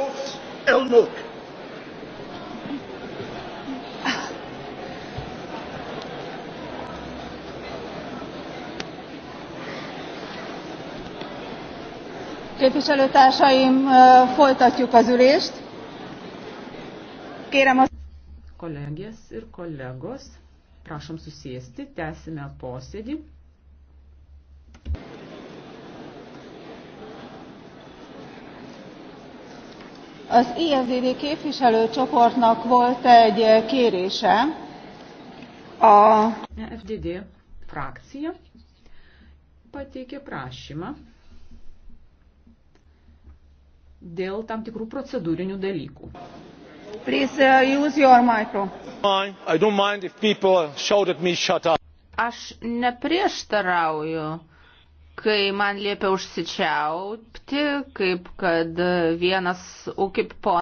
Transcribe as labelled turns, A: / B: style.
A: Volks um Elmuk.
B: Képviselőtársaim, folytatjuk az ülést. Kérem a...
C: Kolegės ir kolegos, prašom susėsti, tęsime posėdį.
B: az efdd képviselőcsoportnak volt egy kérése a
D: efdd frakcija pateikė prašymą dėl tam tikrų
E: procedūrinių dalykų. Please uh, use your micro. I don't mind
B: if people shout at me shut up.
E: Aš neprieštarauju kai man liepia užsičiaupti, kaip kad vienas UKIP ponas.